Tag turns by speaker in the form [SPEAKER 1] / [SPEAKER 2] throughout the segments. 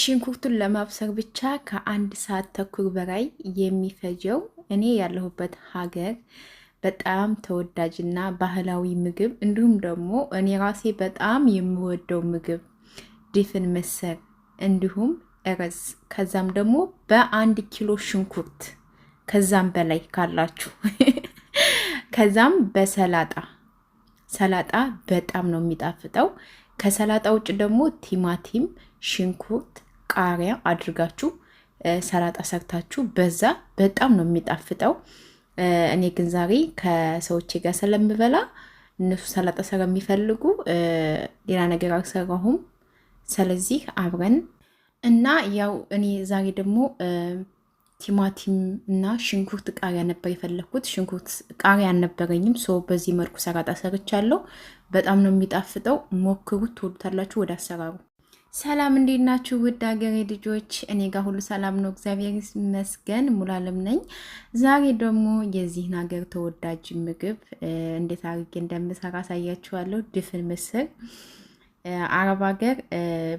[SPEAKER 1] ሽንኩርቱን ለማብሰር ብቻ ከአንድ ሰዓት ተኩል በላይ የሚፈጀው እኔ ያለሁበት ሀገር በጣም ተወዳጅና ባህላዊ ምግብ እንዲሁም ደግሞ እኔ ራሴ በጣም የምወደው ምግብ ድፍን ምስር እንዲሁም እርዝ ከዛም ደግሞ በአንድ ኪሎ ሽንኩርት ከዛም በላይ ካላችሁ ከዛም በሰላጣ ሰላጣ በጣም ነው የሚጣፍጠው። ከሰላጣ ውጭ ደግሞ ቲማቲም፣ ሽንኩርት፣ ቃሪያ አድርጋችሁ ሰላጣ ሰርታችሁ በዛ በጣም ነው የሚጣፍጠው። እኔ ግን ዛሬ ከሰዎቼ ጋር ስለምበላ እነሱ ሰላጣ ሰራ የሚፈልጉ ሌላ ነገር አልሰራሁም። ስለዚህ አብረን እና ያው እኔ ዛሬ ደግሞ ቲማቲም እና ሽንኩርት፣ ቃሪያ ነበር የፈለግኩት። ሽንኩርት ቃሪያ አልነበረኝም። ሶ በዚህ መልኩ ሰራጣ ሰርቻለሁ። በጣም ነው የሚጣፍጠው። ሞክሩት፣ ትወዱታላችሁ። ወደ አሰራሩ። ሰላም እንዴት ናችሁ? ውድ ሀገሬ ልጆች፣ እኔ ጋር ሁሉ ሰላም ነው፣ እግዚአብሔር ይመስገን። ሙሉዓለም ነኝ። ዛሬ ደግሞ የዚህን ሀገር ተወዳጅ ምግብ እንዴት አድርጌ እንደምሰራ አሳያችኋለሁ። ድፍን ምስር አረብ ሀገር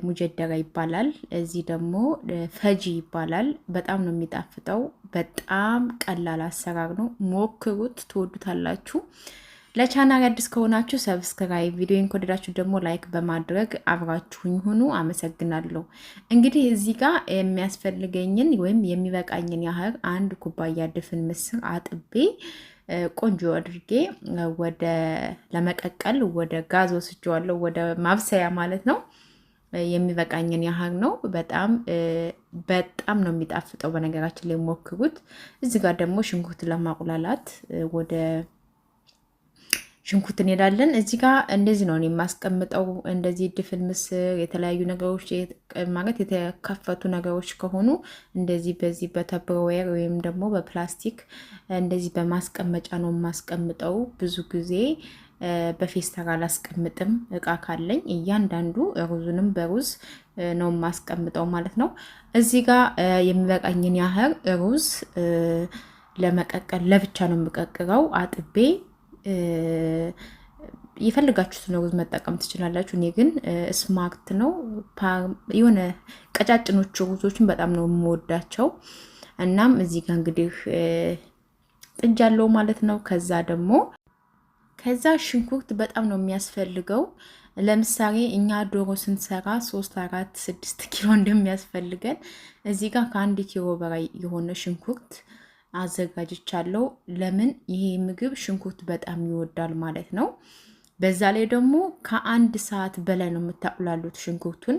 [SPEAKER 1] ሙጀደራ ይባላል። እዚህ ደግሞ ፈጂ ይባላል። በጣም ነው የሚጣፍጠው። በጣም ቀላል አሰራር ነው። ሞክሩት፣ ትወዱታላችሁ። ለቻናል አዲስ ከሆናችሁ ሰብስክራይብ፣ ቪዲዮን ከወደዳችሁ ደግሞ ላይክ በማድረግ አብራችሁኝ ሁኑ። አመሰግናለሁ። እንግዲህ እዚህ ጋር የሚያስፈልገኝን ወይም የሚበቃኝን ያህል አንድ ኩባያ ድፍን ምስር አጥቤ ቆንጆ አድርጌ ወደ ለመቀቀል ወደ ጋዝ ወስጄዋለሁ፣ ወደ ማብሰያ ማለት ነው። የሚበቃኝን ያህል ነው። በጣም በጣም ነው የሚጣፍጠው። በነገራችን ላይ ሞክሩት። እዚህ ጋር ደግሞ ሽንኩርት ለማቁላላት ወደ ሽንኩርት እንሄዳለን። እዚህ ጋ እንደዚህ ነው የማስቀምጠው። እንደዚህ ድፍን ምስር፣ የተለያዩ ነገሮች ማለት የተከፈቱ ነገሮች ከሆኑ እንደዚህ በዚህ በተብሮዌር ወይም ደግሞ በፕላስቲክ እንደዚህ በማስቀመጫ ነው የማስቀምጠው። ብዙ ጊዜ በፌስታል አላስቀምጥም። እቃ ካለኝ እያንዳንዱ ሩዙንም በሩዝ ነው የማስቀምጠው ማለት ነው። እዚህ ጋ የሚበቃኝን ያህል ሩዝ ለመቀቀል ለብቻ ነው የምቀቅረው አጥቤ የፈለጋችሁት ነው መጠቀም ትችላላችሁ። እኔ ግን ስማክት ነው የሆነ ቀጫጭኖቹ ጉዞችን በጣም ነው የምወዳቸው። እናም እዚህ ጋር እንግዲህ ጥጅ አለው ማለት ነው። ከዛ ደግሞ ከዛ ሽንኩርት በጣም ነው የሚያስፈልገው። ለምሳሌ እኛ ዶሮ ስንሰራ ሶስት አራት ስድስት ኪሎ እንደሚያስፈልገን እዚህ ጋር ከአንድ ኪሎ በላይ የሆነ ሽንኩርት አዘጋጅቻለሁ። ለምን ይሄ ምግብ ሽንኩርት በጣም ይወዳል ማለት ነው። በዛ ላይ ደግሞ ከአንድ ሰዓት በላይ ነው የምታቁላሉት ሽንኩርቱን።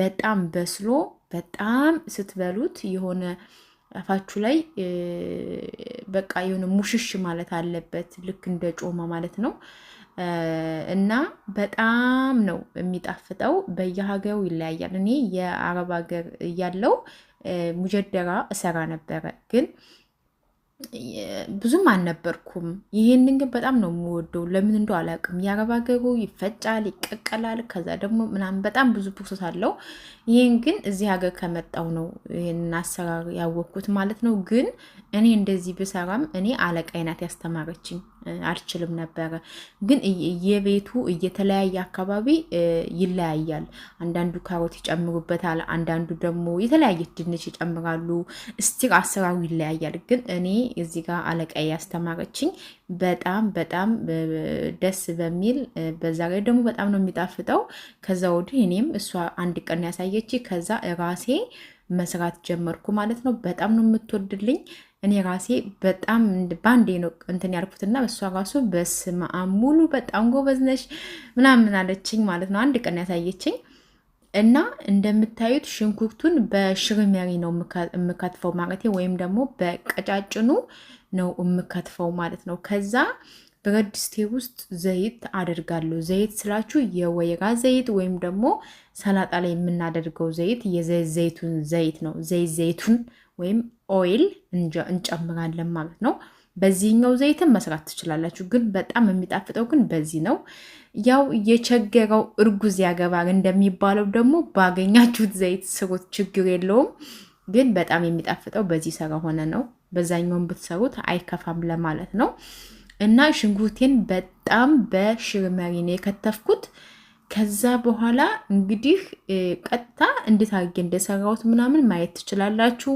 [SPEAKER 1] በጣም በስሎ በጣም ስትበሉት የሆነ አፋችሁ ላይ በቃ የሆነ ሙሽሽ ማለት አለበት፣ ልክ እንደ ጮማ ማለት ነው። እና በጣም ነው የሚጣፍጠው። በየሀገሩ ይለያያል። እኔ የአረብ ሀገር እያለው ሙጀደራ እሰራ ነበረ ግን ብዙም አልነበርኩም። ይሄንን ግን በጣም ነው የምወደው። ለምን እንደው አላውቅም። ያገባገቡ ይፈጫል፣ ይቀቀላል፣ ከዛ ደግሞ ምናምን በጣም ብዙ ፕሮሰስ አለው። ይሄን ግን እዚህ ሀገር ከመጣው ነው ይሄንን አሰራር ያወቅኩት ማለት ነው። ግን እኔ እንደዚህ ብሰራም እኔ አለቃይናት ያስተማረችኝ። አልችልም ነበረ። ግን የቤቱ የተለያየ አካባቢ ይለያያል። አንዳንዱ ካሮት ይጨምሩበታል፣ አንዳንዱ ደግሞ የተለያየ ድንች ይጨምራሉ። እስቲር አሰራሩ ይለያያል። ግን እኔ እዚህ ጋር አለቃዬ ያስተማረችኝ በጣም በጣም ደስ በሚል በዛ ላይ ደግሞ በጣም ነው የሚጣፍጠው። ከዛ ወዲህ እኔም እሷ አንድ ቀን ያሳየች ከዛ ራሴ መስራት ጀመርኩ ማለት ነው። በጣም ነው የምትወድልኝ እኔ ራሴ በጣም በአንዴ ነው እንትን ያልኩትና በእሷ ራሱ በስመ አብ ሙሉ በጣም ጎበዝ ነሽ ምናምን አለችኝ ማለት ነው። አንድ ቀን ያሳየችኝ እና እንደምታዩት ሽንኩርቱን በሽርሜሪ ነው የምከትፈው ማለት ወይም ደግሞ በቀጫጭኑ ነው የምከትፈው ማለት ነው። ከዛ ብረት ድስቴ ውስጥ ዘይት አደርጋለሁ። ዘይት ስላችሁ የወይራ ዘይት ወይም ደግሞ ሰላጣ ላይ የምናደርገው ዘይት የዘይቱን ዘይት ነው። ዘይት ዘይቱን ወይም ኦይል እንጨምራለን ማለት ነው። በዚህኛው ዘይትን መስራት ትችላላችሁ፣ ግን በጣም የሚጣፍጠው ግን በዚህ ነው። ያው የቸገረው እርጉዝ ያገባል እንደሚባለው ደግሞ ባገኛችሁት ዘይት ስሩት፣ ችግር የለውም። ግን በጣም የሚጣፍጠው በዚህ ስለሆነ ነው። በዛኛውን ብትሰሩት አይከፋም ለማለት ነው። እና ሽንኩርቴን በጣም በሽርመሪ ነው የከተፍኩት። ከዛ በኋላ እንግዲህ ቀጥታ እንዴት አድርጌ እንደሰራሁት ምናምን ማየት ትችላላችሁ።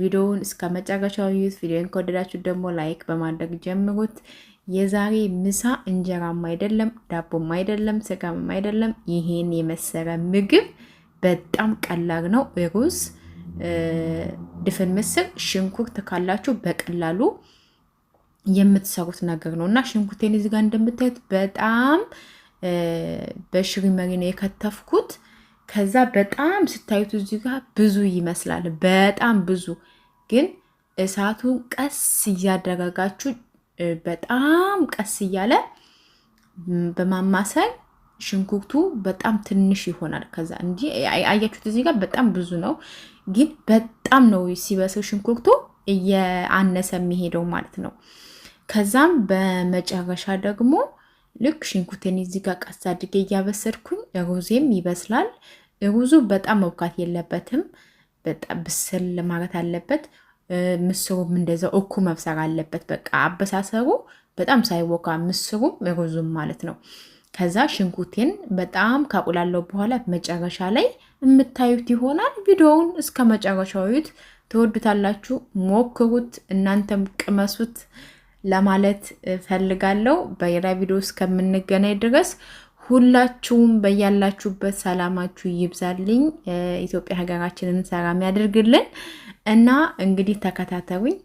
[SPEAKER 1] ቪዲዮውን እስከ መጨረሻው ዩት። ቪዲዮን ከወደዳችሁ ደግሞ ላይክ በማድረግ ጀምሩት። የዛሬ ምሳ እንጀራም አይደለም ዳቦም አይደለም ስጋም አይደለም። ይሄን የመሰረ ምግብ በጣም ቀላል ነው። ሩዝ፣ ድፍን ምስር፣ ሽንኩርት ካላችሁ በቀላሉ የምትሰሩት ነገር ነው እና ሽንኩርቴን እዚህ ጋር እንደምታዩት በጣም በሽግመግን የከተፍኩት። ከዛ በጣም ስታዩት እዚህ ጋር ብዙ ይመስላል፣ በጣም ብዙ ግን እሳቱን ቀስ እያደረጋችሁ በጣም ቀስ እያለ በማማሰል ሽንኩርቱ በጣም ትንሽ ይሆናል። ከዛ እንጂ አያችሁት እዚህ ጋር በጣም ብዙ ነው፣ ግን በጣም ነው ሲበስል ሽንኩርቱ እየአነሰ የሚሄደው ማለት ነው። ከዛም በመጨረሻ ደግሞ ልክ ሽንኩርቴን እዚህ ጋር ቀስ አድርጌ እያበሰድኩኝ ሩዜም ይበስላል። ሩዙ በጣም መብካት የለበትም፣ በጣም ብስል ማለት አለበት። ምስሩም እንደዛው እኩ መብሰር አለበት። በቃ አበሳሰሩ በጣም ሳይወካ ምስሩም ሩዙም ማለት ነው። ከዛ ሽንኩርቴን በጣም ካቁላለው በኋላ መጨረሻ ላይ የምታዩት ይሆናል። ቪዲዮውን እስከ መጨረሻው እዩት፣ ትወዱታላችሁ። ሞክሩት፣ እናንተም ቅመሱት። ለማለት ፈልጋለሁ። በሌላ ቪዲዮ እስከምንገናኝ ድረስ ሁላችሁም በያላችሁበት ሰላማችሁ ይብዛልኝ። ኢትዮጵያ ሀገራችንን ሰላም ያደርግልን እና እንግዲህ ተከታተሉኝ።